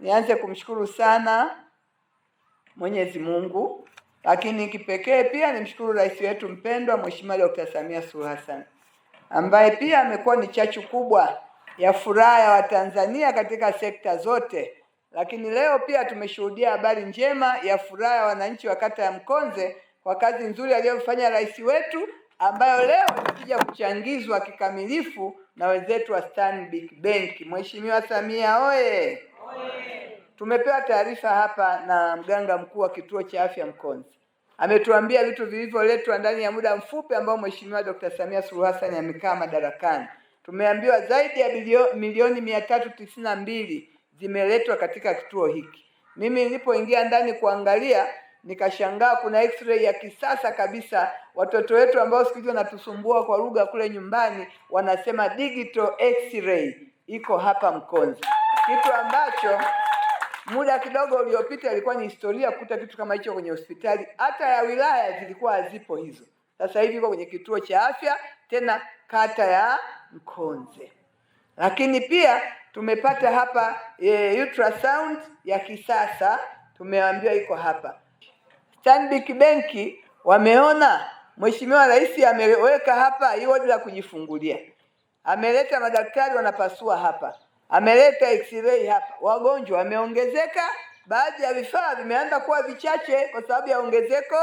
nianze kumshukuru sana Mwenyezi Mungu, lakini kipekee pia nimshukuru rais wetu mpendwa Mheshimiwa Dr. Samia Suluhu Hassan ambaye pia amekuwa ni chachu kubwa ya furaha ya Watanzania katika sekta zote, lakini leo pia tumeshuhudia habari njema ya furaha ya wananchi wa kata ya Mkonze kwa kazi nzuri aliyofanya rais wetu ambayo leo imekuja kuchangizwa kikamilifu na wenzetu wa Stanbic Bank. Mheshimiwa Samia oye! Tumepewa taarifa hapa na mganga mkuu wa kituo cha afya Mkonzi, ametuambia vitu vilivyoletwa ndani ya muda mfupi ambao Mheshimiwa Dkt. Samia Suluhu Hassan amekaa madarakani. Tumeambiwa zaidi ya bilio, milioni mia tatu tisini na mbili zimeletwa katika kituo hiki. Mimi nilipoingia ndani kuangalia nikashangaa kuna x-ray ya kisasa kabisa. Watoto wetu ambao siku hizi wanatusumbua kwa lugha kule nyumbani wanasema digital x-ray iko hapa Mkonzi kitu ambacho muda kidogo uliopita ilikuwa ni historia kukuta kitu kama hicho kwenye hospitali hata ya wilaya zilikuwa hazipo hizo. Sasa hivi iko kwenye kituo cha afya tena kata ya Mkonze. Lakini pia tumepata hapa e, ultrasound ya kisasa tumeambiwa iko hapa. Stanbic Benki wameona Mheshimiwa Rais ameweka hapa hii wodi la kujifungulia, ameleta madaktari wanapasua hapa ameleta x-ray hapa, wagonjwa wameongezeka, baadhi ya vifaa vimeanza kuwa vichache kwa sababu ya ongezeko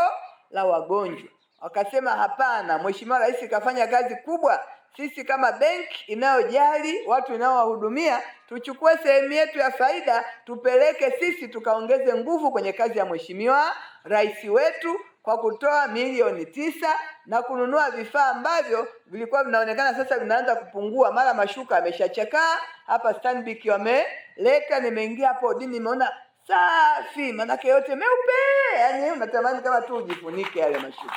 la wagonjwa. Wakasema hapana, Mheshimiwa Rais kafanya kazi kubwa. Sisi kama benki inayojali watu inaowahudumia tuchukue sehemu yetu ya faida, tupeleke sisi tukaongeze nguvu kwenye kazi ya Mheshimiwa Rais wetu kwa kutoa milioni tisa na kununua vifaa ambavyo vilikuwa vinaonekana sasa vinaanza kupungua. Mara mashuka ameshachakaa hapa, Stanbic wameleta. Nimeingia hapo dini, nimeona safi, manake yote meupe, yani unatamani kama tu ujifunike yale mashuka,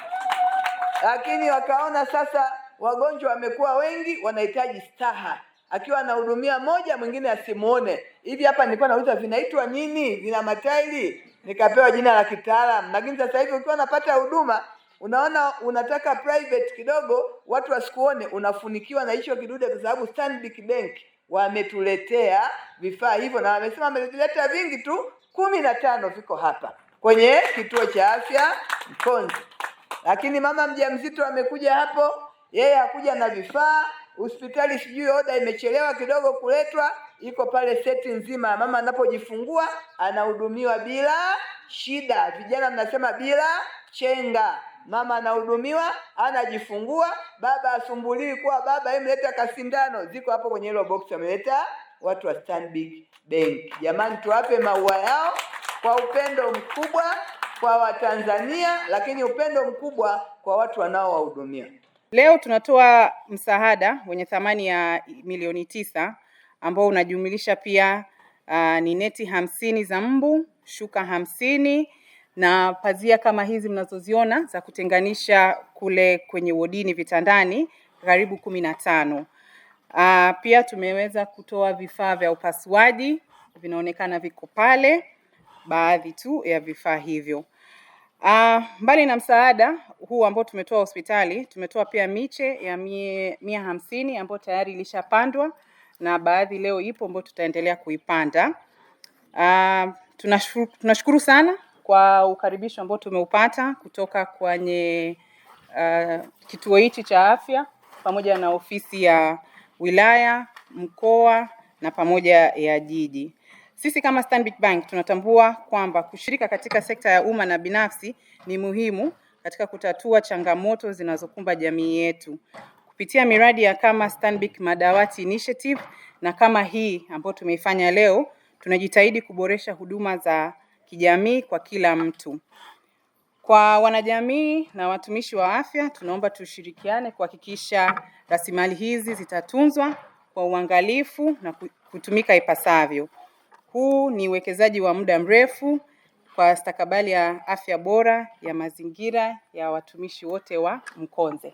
lakini wakaona sasa wagonjwa wamekuwa wengi, wanahitaji staha akiwa anahudumia moja mwingine asimuone hivi. Hapa nilikuwa nauliza vinaitwa nini? Vina matairi nikapewa jina la kitaalamu. Lakini sasa hivi ukiwa unapata huduma unaona unataka private kidogo, watu wasikuone, unafunikiwa na hicho kidude, kwa sababu Stanbic Bank wametuletea vifaa hivyo, na wamesema wamevileta vingi tu, kumi na tano viko hapa kwenye kituo cha afya Mkonzi. Lakini mama mjamzito amekuja hapo, yeye hakuja na vifaa. Hospitali sijui oda imechelewa kidogo kuletwa iko pale seti nzima. Mama anapojifungua anahudumiwa bila shida, vijana mnasema bila chenga. Mama anahudumiwa, anajifungua, baba asumbuliwi kuwa baba mleta kasindano. Ziko hapo kwenye hilo box ameleta watu wa Stanbic Bank. Jamani, tuwape maua yao kwa upendo mkubwa kwa Watanzania, lakini upendo mkubwa kwa watu wanaowahudumia. Leo tunatoa msaada wenye thamani ya milioni tisa ambao unajumlisha pia uh, ni neti hamsini za mbu, shuka hamsini na pazia kama hizi mnazoziona za kutenganisha kule kwenye wodini vitandani karibu kumi na tano. Uh, pia tumeweza kutoa vifaa vya upasuaji vinaonekana viko pale, baadhi tu ya vifaa hivyo. Uh, mbali na msaada huu ambao tumetoa hospitali, tumetoa pia miche ya mie, mia hamsini ambayo tayari ilishapandwa na baadhi leo ipo ambayo tutaendelea kuipanda. Uh, tunashukuru, tunashukuru sana kwa ukaribisho ambao tumeupata kutoka kwenye uh, kituo hichi cha afya pamoja na ofisi ya wilaya, mkoa na pamoja ya jiji. Sisi kama Stanbic Bank tunatambua kwamba kushirika katika sekta ya umma na binafsi ni muhimu katika kutatua changamoto zinazokumba jamii yetu kupitia miradi ya kama Stanbic Madawati Initiative na kama hii ambayo tumeifanya leo, tunajitahidi kuboresha huduma za kijamii kwa kila mtu. Kwa wanajamii na watumishi wa afya, tunaomba tushirikiane kuhakikisha rasilimali hizi zitatunzwa kwa uangalifu na kutumika ipasavyo. Huu ni uwekezaji wa muda mrefu kwa stakabali ya afya bora ya mazingira ya watumishi wote wa Mkonze.